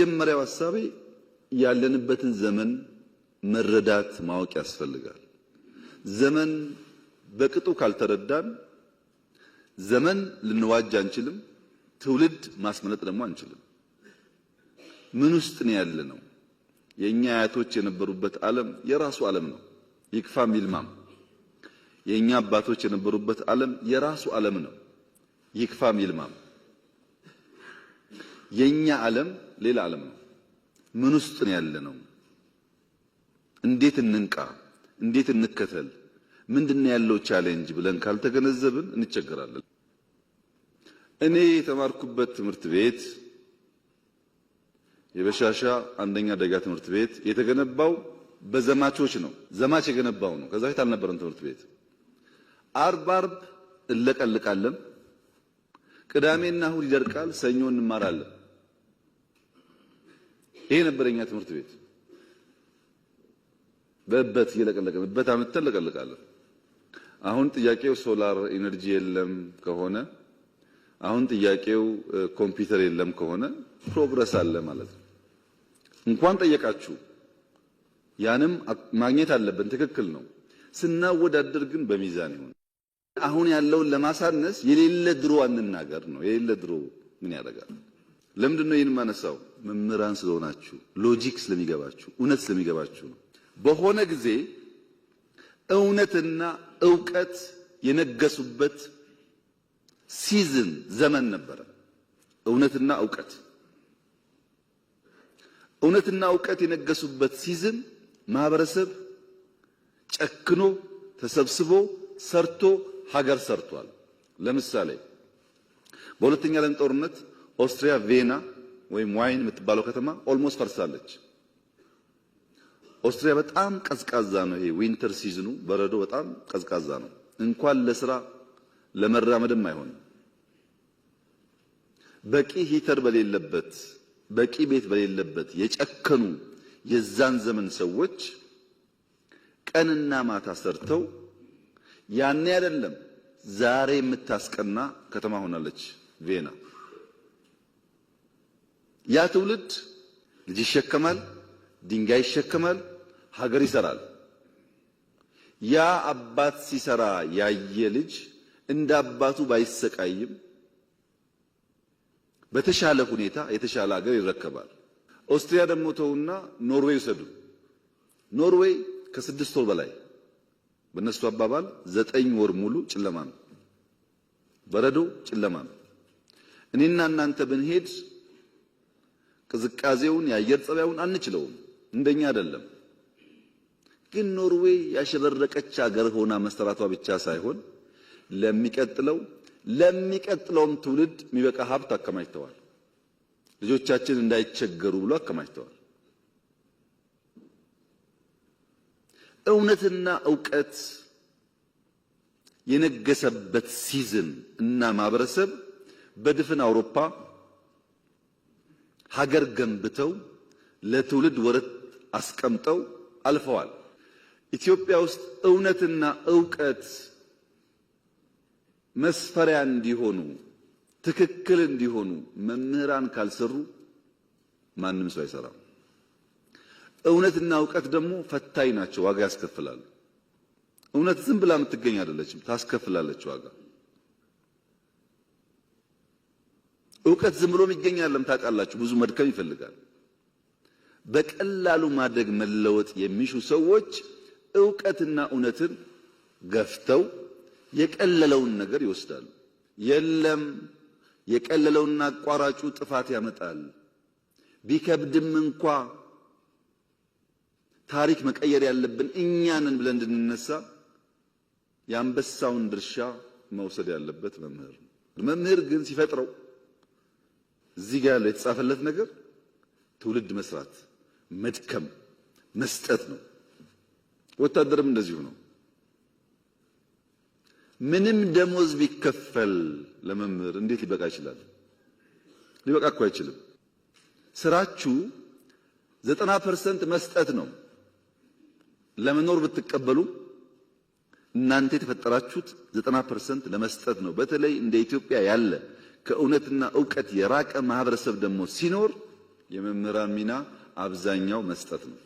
የመጀመሪያው ሀሳቤ ያለንበትን ዘመን መረዳት ማወቅ ያስፈልጋል። ዘመን በቅጡ ካልተረዳን ዘመን ልንዋጅ አንችልም። ትውልድ ማስመለጥ ደግሞ አንችልም። ምን ውስጥ ነው ያለ ነው? የኛ አያቶች የነበሩበት ዓለም የራሱ ዓለም ነው፣ ይክፋም ይልማም። የኛ አባቶች የነበሩበት ዓለም የራሱ ዓለም ነው፣ ይክፋም ይልማም። የኛ ዓለም ሌላ ዓለም ነው። ምን ውስጥ ነው ያለ ነው? እንዴት እንንቃ? እንዴት እንከተል? ምንድን ያለው ቻሌንጅ ብለን ካልተገነዘብን እንቸገራለን። እኔ የተማርኩበት ትምህርት ቤት የበሻሻ አንደኛ ደጋ ትምህርት ቤት የተገነባው በዘማቾች ነው። ዘማች የገነባው ነው። ከዛ ፊት አልነበረም ትምህርት ቤት። አርብ አርብ እንለቀልቃለን፣ ቅዳሜና እሁድ ይደርቃል፣ ሰኞ እንማራለን። ይሄ ነበረኛ ትምህርት ቤት በእበት እየለቀለቀን እበት አምጥተን ለቀልቃለን። አሁን ጥያቄው ሶላር ኢነርጂ የለም ከሆነ አሁን ጥያቄው ኮምፒውተር የለም ከሆነ ፕሮግረስ አለ ማለት ነው። እንኳን ጠየቃችሁ ያንም ማግኘት አለብን። ትክክል ነው። ስናወዳደር ግን በሚዛን ይሁን። አሁን ያለውን ለማሳነስ የሌለ ድሮ አንናገር ነው። የሌለ ድሮ ምን ያደርጋል? ለምንድን ነው ይህን የማነሳው? መምህራን ስለሆናችሁ፣ ሎጂክ ስለሚገባችሁ፣ እውነት ስለሚገባችሁ ነው። በሆነ ጊዜ እውነትና እውቀት የነገሱበት ሲዝን ዘመን ነበረ። እውነትና እውቀት እውነትና እውቀት የነገሱበት ሲዝን ማህበረሰብ ጨክኖ ተሰብስቦ ሰርቶ ሀገር ሰርቷል። ለምሳሌ በሁለተኛ ዓለም ጦርነት ኦስትሪያ ቬና ወይም ዋይን የምትባለው ከተማ ኦልሞስት ፈርሳለች። ኦስትሪያ በጣም ቀዝቃዛ ነው። ይሄ ዊንተር ሲዝኑ በረዶ በጣም ቀዝቃዛ ነው። እንኳን ለስራ ለመራመድም አይሆንም። በቂ ሂተር በሌለበት በቂ ቤት በሌለበት የጨከኑ የዛን ዘመን ሰዎች ቀንና ማታ ሰርተው ያኔ አይደለም ዛሬ የምታስቀና ከተማ ሆናለች ቬና። ያ ትውልድ ልጅ ይሸከማል፣ ድንጋይ ይሸከማል፣ ሀገር ይሰራል። ያ አባት ሲሰራ ያየ ልጅ እንደ አባቱ ባይሰቃይም በተሻለ ሁኔታ የተሻለ ሀገር ይረከባል። ኦስትሪያ ደግሞ ተውና ኖርዌይ ውሰዱ። ኖርዌይ ከስድስት ወር በላይ በእነሱ አባባል ዘጠኝ ወር ሙሉ ጨለማ ነው፣ በረዶ ጨለማ ነው። እኔና እናንተ ብንሄድ ቅዝቃዜውን የአየር ጸባዩን አንችለውም። እንደኛ አይደለም። ግን ኖርዌይ ያሸበረቀች ሀገር ሆና መሰራቷ ብቻ ሳይሆን ለሚቀጥለው ለሚቀጥለውም ትውልድ የሚበቃ ሀብት አከማችተዋል። ልጆቻችን እንዳይቸገሩ ብሎ አከማችተዋል። እውነትና እውቀት የነገሰበት ሲዝን እና ማህበረሰብ በድፍን አውሮፓ ሀገር ገንብተው ለትውልድ ወረት አስቀምጠው አልፈዋል። ኢትዮጵያ ውስጥ እውነትና እውቀት መስፈሪያ እንዲሆኑ ትክክል እንዲሆኑ መምህራን ካልሰሩ ማንም ሰው አይሰራም። እውነትና እውቀት ደግሞ ፈታኝ ናቸው፣ ዋጋ ያስከፍላሉ። እውነት ዝም ብላ የምትገኝ አይደለችም፣ ታስከፍላለች ዋጋ። እውቀት ዝም ብሎም ይገኛለም ታውቃላችሁ። ብዙ መድከም ይፈልጋል። በቀላሉ ማደግ መለወጥ የሚሹ ሰዎች እውቀትና እውነትን ገፍተው የቀለለውን ነገር ይወስዳሉ። የለም የቀለለውና አቋራጩ ጥፋት ያመጣል። ቢከብድም እንኳ ታሪክ መቀየር ያለብን እኛንን ብለን እንድንነሳ የአንበሳውን ድርሻ መውሰድ ያለበት መምህር ነው። መምህር ግን ሲፈጥረው እዚህ ጋር ያለው የተጻፈለት ነገር ትውልድ መስራት፣ መድከም፣ መስጠት ነው። ወታደርም እንደዚሁ ነው። ምንም ደሞዝ ቢከፈል ለመምህር እንዴት ሊበቃ ይችላል? ሊበቃ እኮ አይችልም። ስራችሁ ዘጠና ፐርሰንት መስጠት ነው። ለመኖር ብትቀበሉ እናንተ የተፈጠራችሁት ዘጠና ፐርሰንት ለመስጠት ነው። በተለይ እንደ ኢትዮጵያ ያለ ከእውነትና እውቀት የራቀ ማህበረሰብ ደግሞ ሲኖር የመምህራን ሚና አብዛኛው መስጠት ነው።